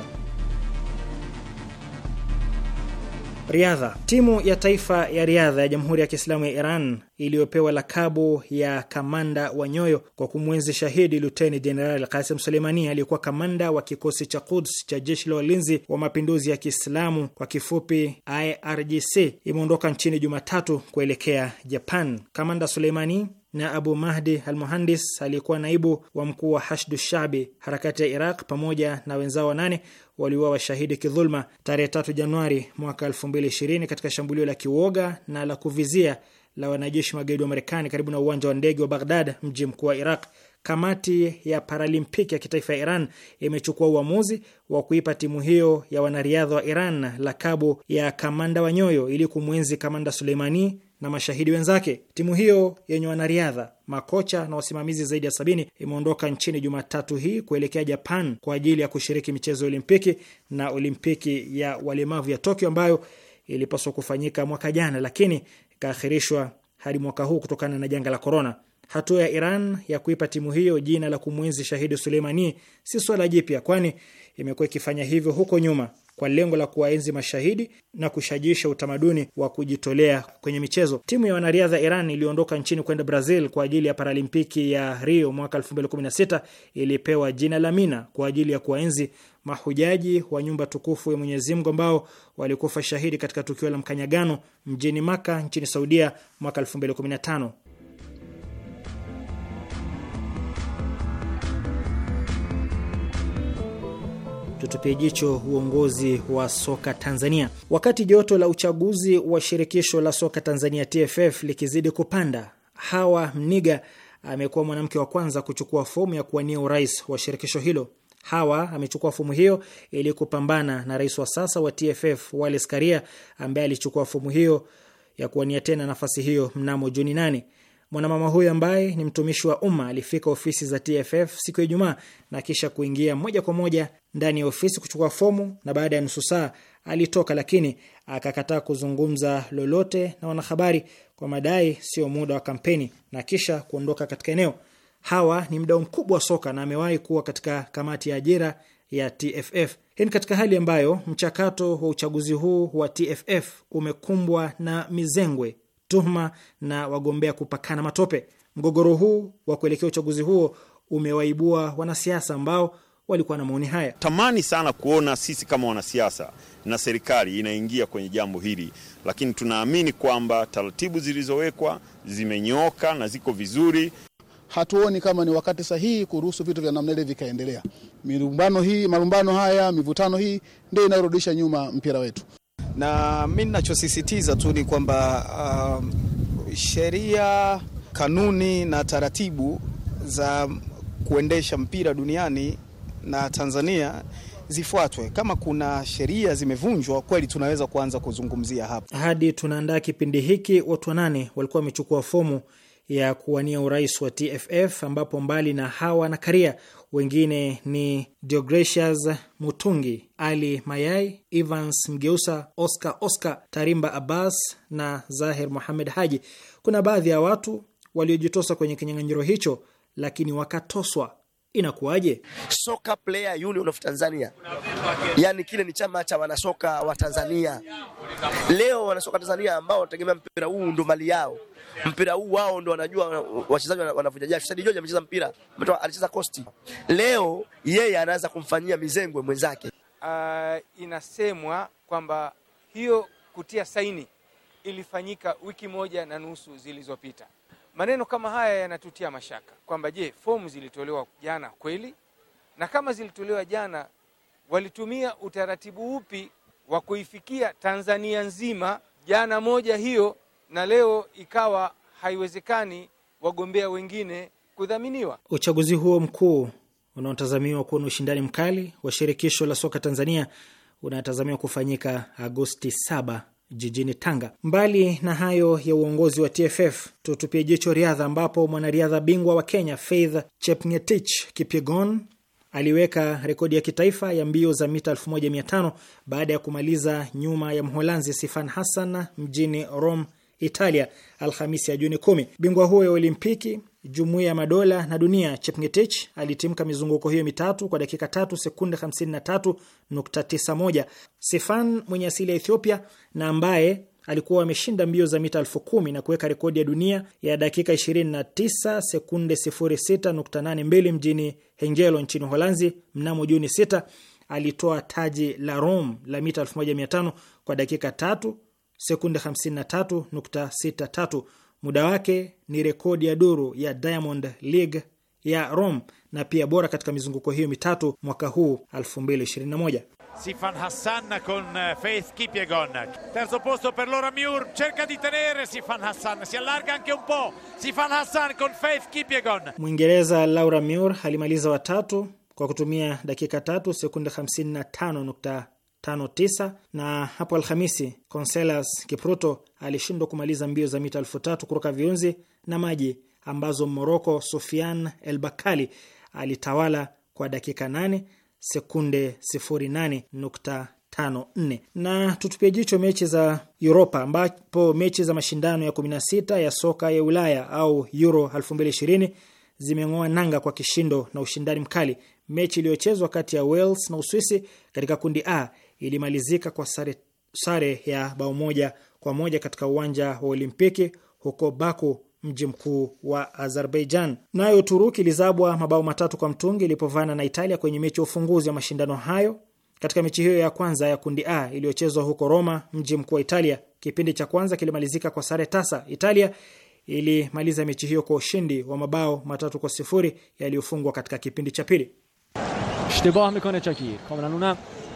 Riadha. Timu ya taifa ya riadha ya Jamhuri ya Kiislamu ya Iran iliyopewa lakabu ya kamanda wa nyoyo kwa kumwenzi shahidi Luteni Jenerali Kasim Suleimani aliyekuwa kamanda wa kikosi cha Quds cha jeshi la walinzi wa mapinduzi ya Kiislamu kwa kifupi IRGC imeondoka nchini Jumatatu kuelekea Japan. Kamanda Suleimani na Abu Mahdi al Muhandis aliyekuwa naibu wa mkuu wa Hashdu Shabi harakati ya Iraq pamoja na wenzao wanane waliuawa washahidi kidhulma tarehe 3 Januari mwaka 2020 katika shambulio la kiwoga na la kuvizia la wanajeshi magaidi wa Marekani karibu na uwanja wa ndege wa Baghdad, mji mkuu wa Iraq. Kamati ya Paralimpiki ya kitaifa ya Iran imechukua uamuzi wa kuipa timu hiyo ya wanariadha wa Iran lakabu ya kamanda wa nyoyo ili kumwenzi kamanda Suleimani na mashahidi wenzake. Timu hiyo yenye wanariadha, makocha na wasimamizi zaidi ya sabini imeondoka nchini Jumatatu hii kuelekea Japan kwa ajili ya kushiriki michezo ya Olimpiki na Olimpiki ya walemavu ya Tokyo ambayo ilipaswa kufanyika mwaka jana, lakini ikaakhirishwa hadi mwaka huu kutokana na janga la korona. Hatua ya Iran ya kuipa timu hiyo jina la kumwenzi shahidi Suleimani si swala jipya, kwani imekuwa ikifanya hivyo huko nyuma kwa lengo la kuwaenzi mashahidi na kushajisha utamaduni wa kujitolea kwenye michezo. Timu ya wanariadha Iran iliondoka nchini kwenda Brazil kwa ajili ya Paralimpiki ya Rio mwaka 2016 ilipewa jina la Mina kwa ajili ya kuwaenzi mahujaji wa nyumba tukufu ya Mwenyezi Mungu ambao walikufa shahidi katika tukio la mkanyagano mjini Maka nchini Saudia mwaka 2015. tutupie jicho uongozi wa soka Tanzania. Wakati joto la uchaguzi wa shirikisho la soka Tanzania TFF likizidi kupanda, Hawa Mniga amekuwa mwanamke wa kwanza kuchukua fomu ya kuwania urais wa shirikisho hilo. Hawa amechukua fomu hiyo ili kupambana na rais wa sasa wa TFF Wallace Karia ambaye alichukua fomu hiyo ya kuwania tena nafasi hiyo mnamo Juni 8. Mwanamama huyo ambaye ni mtumishi wa umma alifika ofisi za TFF siku ya Ijumaa na kisha kuingia moja kwa moja ndani ya ofisi kuchukua fomu, na baada ya nusu saa alitoka, lakini akakataa kuzungumza lolote na wanahabari kwa madai sio muda wa kampeni na kisha kuondoka katika eneo. Hawa ni mdau mkubwa wa soka na amewahi kuwa katika kamati ya ajira ya TFF. Hii ni katika hali ambayo mchakato wa uchaguzi huu wa TFF umekumbwa na mizengwe, tuhuma na wagombea kupakana matope. Mgogoro huu wa kuelekea uchaguzi huo umewaibua wanasiasa ambao walikuwa na maoni haya. Tamani sana kuona sisi kama wanasiasa na serikali inaingia kwenye jambo hili, lakini tunaamini kwamba taratibu zilizowekwa zimenyooka na ziko vizuri. Hatuoni kama ni wakati sahihi kuruhusu vitu vya namna ile vikaendelea. Milumbano hii, malumbano haya, mivutano hii ndio inayorudisha nyuma mpira wetu, na mi ninachosisitiza tu ni kwamba uh, sheria, kanuni na taratibu za kuendesha mpira duniani na Tanzania zifuatwe. Kama kuna sheria zimevunjwa kweli, tunaweza kuanza kuzungumzia hapa. Hadi tunaandaa kipindi hiki, watu wanane walikuwa wamechukua fomu ya kuwania urais wa TFF ambapo mbali na Hawa na Karia wengine ni Deogratias Mutungi, Ali Mayai, Evans Mgeusa, Oscar Oscar Tarimba Abbas na Zahir Muhamed Haji. Kuna baadhi ya watu waliojitosa kwenye kinyang'anyiro hicho, lakini wakatoswa inakuwaje? Soka Player Union of Tanzania, yani kile ni chama cha wanasoka wa Tanzania. Leo wanasoka Tanzania ambao wanategemea mpira huu ndo mali yao, mpira huu wao ndo wanajua wachezaji wanavuja jasho. Said amecheza mpira, alicheza Costi, leo yeye anaanza kumfanyia mizengwe mwenzake. Uh, inasemwa kwamba hiyo kutia saini ilifanyika wiki moja na nusu zilizopita. Maneno kama haya yanatutia mashaka kwamba je, fomu zilitolewa jana kweli? Na kama zilitolewa jana, walitumia utaratibu upi wa kuifikia Tanzania nzima jana moja hiyo, na leo ikawa haiwezekani wagombea wengine kudhaminiwa? Uchaguzi huo mkuu unaotazamiwa kuwa na ushindani mkali wa shirikisho la soka Tanzania unatazamiwa kufanyika Agosti 7 jijini Tanga. Mbali na hayo ya uongozi wa TFF, tutupie jicho riadha, ambapo mwanariadha bingwa wa Kenya Faith Chepngetich Kipyegon aliweka rekodi ya kitaifa ya mbio za mita 1500 baada ya kumaliza nyuma ya Mholanzi Sifan Hassan mjini Rome, Italia Alhamisi ya Juni kumi. Bingwa huyo ya Olimpiki, Jumuiya ya Madola na Dunia, Chepngetich alitimka mizunguko hiyo mitatu kwa dakika tatu sekunde moja. Sefan mwenye asili ya Ethiopia na ambaye alikuwa ameshinda mbio za mita elfu kumi na kuweka rekodi ya dunia ya dakika 29 sekunde 06.82 mjini Hengelo nchini Uholanzi mnamo Juni 6 alitoa taji la Rome la mita 1500 kwa dakika tatu sekunde 53.63. Muda wake ni rekodi ya duru ya Diamond League ya Rome na pia bora katika mizunguko hiyo mitatu mwaka huu 2021. Sifan Hassan con eh, Faith terzo posto per Laura cerca di tenere Sifan Hassan si allarga anche un po' Sifan Hassan con Faith Mwingereza Laura mur alimaliza watatu kwa kutumia dakika tatu sekunde 55 na hapo Alhamisi Conselas Kipruto alishindwa kumaliza mbio za mita elfu tatu kutoka viunzi na maji ambazo Moroko Sofian El Bakali alitawala kwa dakika 8 sekunde nne. Na tutupie jicho mechi za Uropa ambapo mechi za mashindano ya 16 ya soka ya Ulaya au Euro 2020 zimeng'oa nanga kwa kishindo na ushindani mkali. Mechi iliyochezwa kati ya Wales na Uswisi katika kundi A ilimalizika kwa sare, sare ya bao moja kwa moja katika uwanja wa Olimpiki huko Baku, mji mkuu wa Azerbaijan. Nayo Uturuki ilizabwa mabao matatu kwa mtungi ilipovana na Italia kwenye mechi ya ufunguzi wa mashindano hayo katika mechi hiyo ya kwanza ya kundi A iliyochezwa huko Roma, mji mkuu wa Italia. Kipindi cha kwanza kilimalizika kwa sare tasa. Italia ilimaliza mechi hiyo kwa ushindi wa mabao matatu kwa sifuri yaliyofungwa katika kipindi cha pili.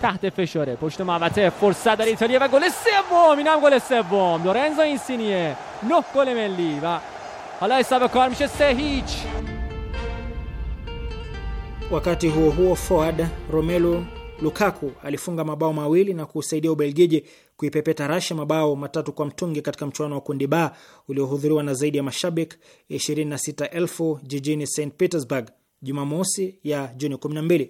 تحت فشاره پشت محوطه فرصت در ایتالیا و گل سوم اینم گل سوم لورنزو اینسینیه نه گل ملی و حالا حساب کار میشه سه هیچ Wakati huo huo, forward Romelu Lukaku alifunga mabao mawili na kusaidia Ubelgiji kuipepeta Russia mabao matatu kwa mtungi katika mchuano wa kundi ba uliohudhuriwa na zaidi ya mashabiki 26,000 jijini St Petersburg Jumamosi ya Juni 12.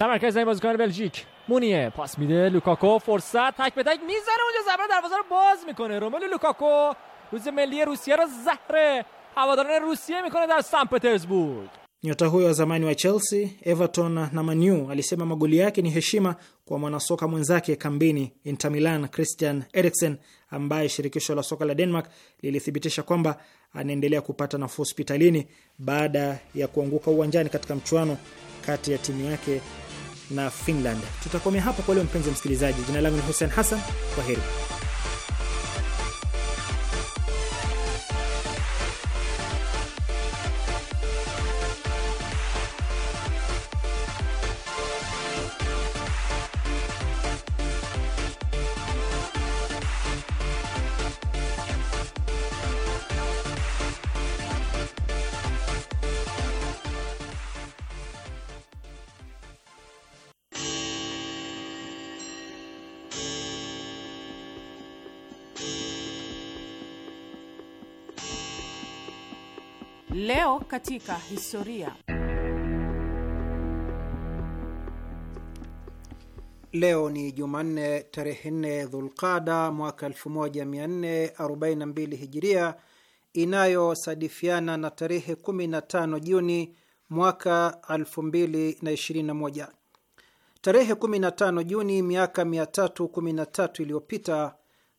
در مرکز زمین بازیکن بلژیک مونیه پاس میده لوکاکو فرصت تک به تک میزنه اونجا زبر دروازه رو باز میکنه روملو لوکاکو روز ملی روسیه رو زهر هواداران روسیه میکنه در سن پترزبورگ Nyota huyo wa zamani wa Chelsea, Everton na Manu alisema magoli yake ni heshima kwa mwanasoka mwenzake kambini Inter Milan Christian Eriksen, ambaye shirikisho la soka la Denmark lilithibitisha kwamba anaendelea kupata nafuu hospitalini baada ya kuanguka uwanjani katika mchuano kati ya timu yake na Finland. Tutakomea hapo kwa leo, mpenzi msikilizaji. Jina langu ni Hussein Hassan, kwa heri. katika historia. Leo ni Jumanne tarehe nne Dhulqada mwaka 1442 Hijiria, inayosadifiana na tarehe 15 Juni mwaka 2021. Tarehe 15 Juni miaka 313 iliyopita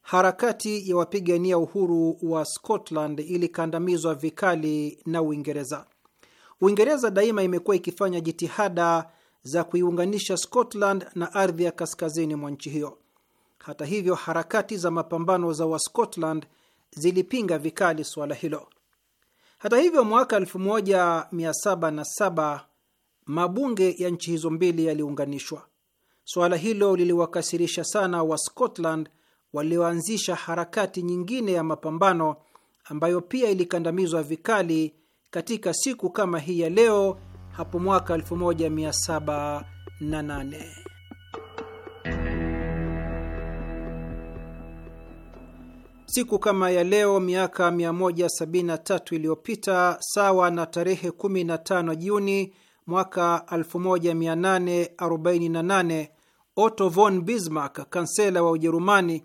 harakati ya wapigania uhuru wa Scotland ilikandamizwa vikali na Uingereza. Uingereza daima imekuwa ikifanya jitihada za kuiunganisha Scotland na ardhi ya kaskazini mwa nchi hiyo. Hata hivyo, harakati za mapambano za Wascotland zilipinga vikali suala hilo. Hata hivyo, mwaka 1707 mabunge ya nchi hizo mbili yaliunganishwa. Suala hilo liliwakasirisha sana Wascotland walioanzisha harakati nyingine ya mapambano ambayo pia ilikandamizwa vikali katika siku kama hii ya leo hapo mwaka 1708. Siku kama ya leo miaka 173 iliyopita, sawa na tarehe 15 Juni mwaka 1848, Otto von Bismarck, kansela wa Ujerumani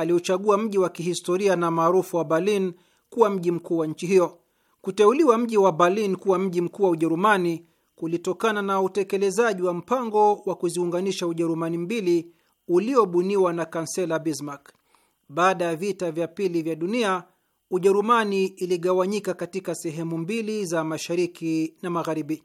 aliuchagua mji wa kihistoria na maarufu wa Berlin kuwa mji mkuu wa nchi hiyo. Kuteuliwa mji wa Berlin kuwa mji mkuu wa Ujerumani kulitokana na utekelezaji wa mpango wa kuziunganisha Ujerumani mbili uliobuniwa na kansela Bismarck. Baada ya vita vya pili vya dunia, Ujerumani iligawanyika katika sehemu mbili za mashariki na magharibi.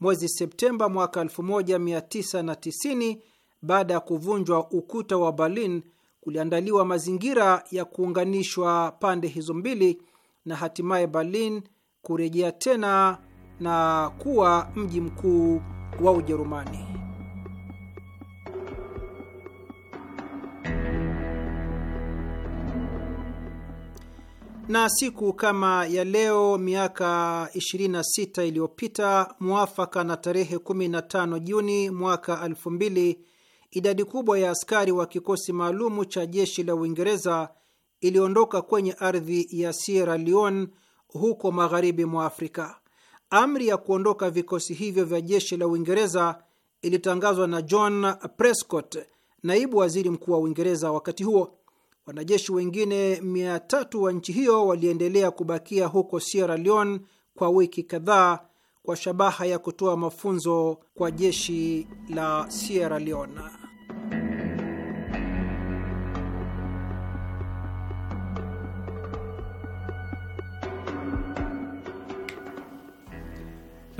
Mwezi Septemba mwaka 1990, baada ya kuvunjwa ukuta wa Berlin, kuliandaliwa mazingira ya kuunganishwa pande hizo mbili na hatimaye Berlin kurejea tena na kuwa mji mkuu wa Ujerumani. Na siku kama ya leo miaka 26 iliyopita, mwafaka na tarehe 15 Juni mwaka 2000 idadi kubwa ya askari wa kikosi maalumu cha jeshi la Uingereza iliondoka kwenye ardhi ya Sierra Leone huko magharibi mwa Afrika. Amri ya kuondoka vikosi hivyo vya jeshi la Uingereza ilitangazwa na John Prescott, naibu waziri mkuu wa Uingereza wakati huo. Wanajeshi wengine mia tatu wa nchi hiyo waliendelea kubakia huko Sierra Leone kwa wiki kadhaa kwa shabaha ya kutoa mafunzo kwa jeshi la Sierra Leone.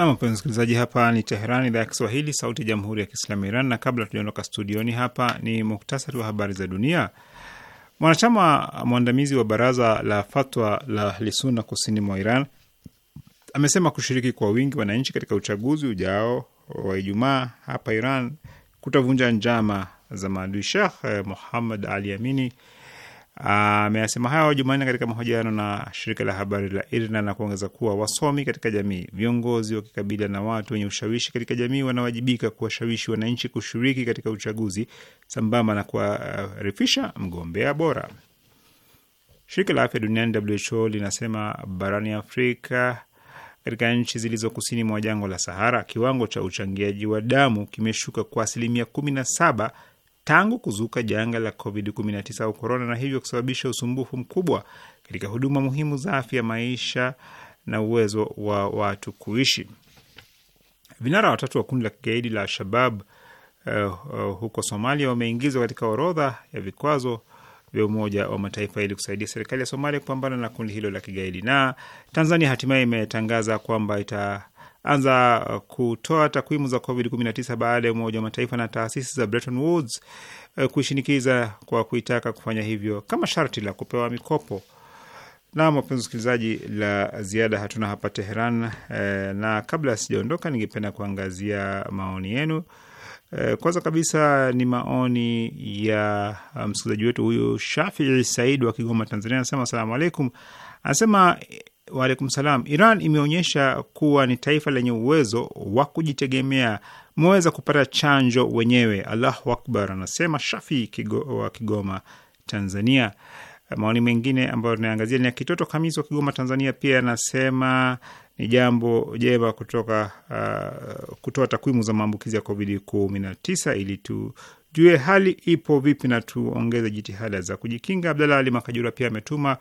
Namwapenza msikilizaji, hapa ni Teheran, idhaa ya Kiswahili, sauti ya jamhuri ya kiislamu ya Iran. Na kabla tujaondoka studioni hapa, ni muktasari wa habari za dunia. Mwanachama mwandamizi wa baraza la fatwa la Ahlisunna kusini mwa Iran amesema kushiriki kwa wingi wananchi katika uchaguzi ujao wa Ijumaa hapa Iran kutavunja njama za maadui Shekh Muhammad Ali Amini ameyasema hayo Jumanne katika mahojiano na shirika la habari la IRNA na kuongeza kuwa wasomi katika jamii, viongozi wa kikabila na watu wenye ushawishi katika jamii wanawajibika kuwashawishi wananchi kushiriki katika uchaguzi sambamba na kuwarifisha mgombea bora. Shirika la afya duniani WHO linasema barani Afrika, katika nchi zilizo kusini mwa jangwa la Sahara, kiwango cha uchangiaji wa damu kimeshuka kwa asilimia kumi na saba tangu kuzuka janga la COVID-19 au korona, na hivyo kusababisha usumbufu mkubwa katika huduma muhimu za afya, maisha na uwezo wa watu kuishi. Vinara watatu wa kundi la kigaidi la Al-Shabab uh, uh, huko Somalia wameingizwa katika orodha ya vikwazo vya Umoja wa Mataifa ili kusaidia serikali ya Somalia kupambana na kundi hilo la kigaidi. Na Tanzania hatimaye imetangaza kwamba ita anza kutoa takwimu za COVID-19 baada ya Umoja wa Mataifa na taasisi za Bretton Woods eh, kuishinikiza kwa kuitaka kufanya hivyo kama sharti la kupewa mikopo. Na wapenzi wasikilizaji, la ziada hatuna hapa Teheran, eh, na kabla sijaondoka, ningependa kuangazia maoni yenu. Eh, kwanza kabisa ni maoni ya msikilizaji wetu huyu Shafii Said wa Kigoma, Tanzania, anasema asalamu alaikum. Anasema Waalaikum salam. Iran imeonyesha kuwa ni taifa lenye uwezo wa kujitegemea, mmeweza kupata chanjo wenyewe. Allahu akbar, anasema shafi Kigo, wa Kigoma, Tanzania. Maoni mengine ambayo tunaangazia ni ya Kitoto Kamisi wa Kigoma, Tanzania, pia anasema ni jambo jema kutoka uh, kutoa takwimu za maambukizi ya Covid 19 ili tujue hali ipo vipi na tuongeze jitihada za kujikinga. abdalah Ali Makajura pia ametuma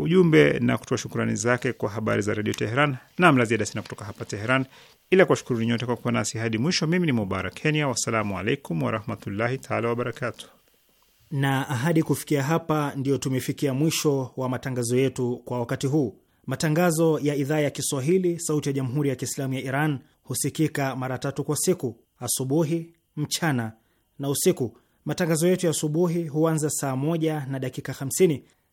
ujumbe na kutoa shukrani zake kwa habari za redio Teheran. Nam la ziada sina kutoka hapa Teheran, ila shukuru nyote kwa kuwa nasi hadi mwisho. Mimi ni Mubarak Kenya, wassalamu alaikum warahmatullahi taala wabarakatu. Na hadi kufikia hapa, ndiyo tumefikia mwisho wa matangazo yetu kwa wakati huu. Matangazo ya idhaa ya Kiswahili sauti ya jamhuri ya Kiislamu ya Iran husikika mara tatu kwa siku: asubuhi, mchana na usiku. Matangazo yetu ya asubuhi huanza saa moja na dakika 50